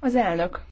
Az elnök.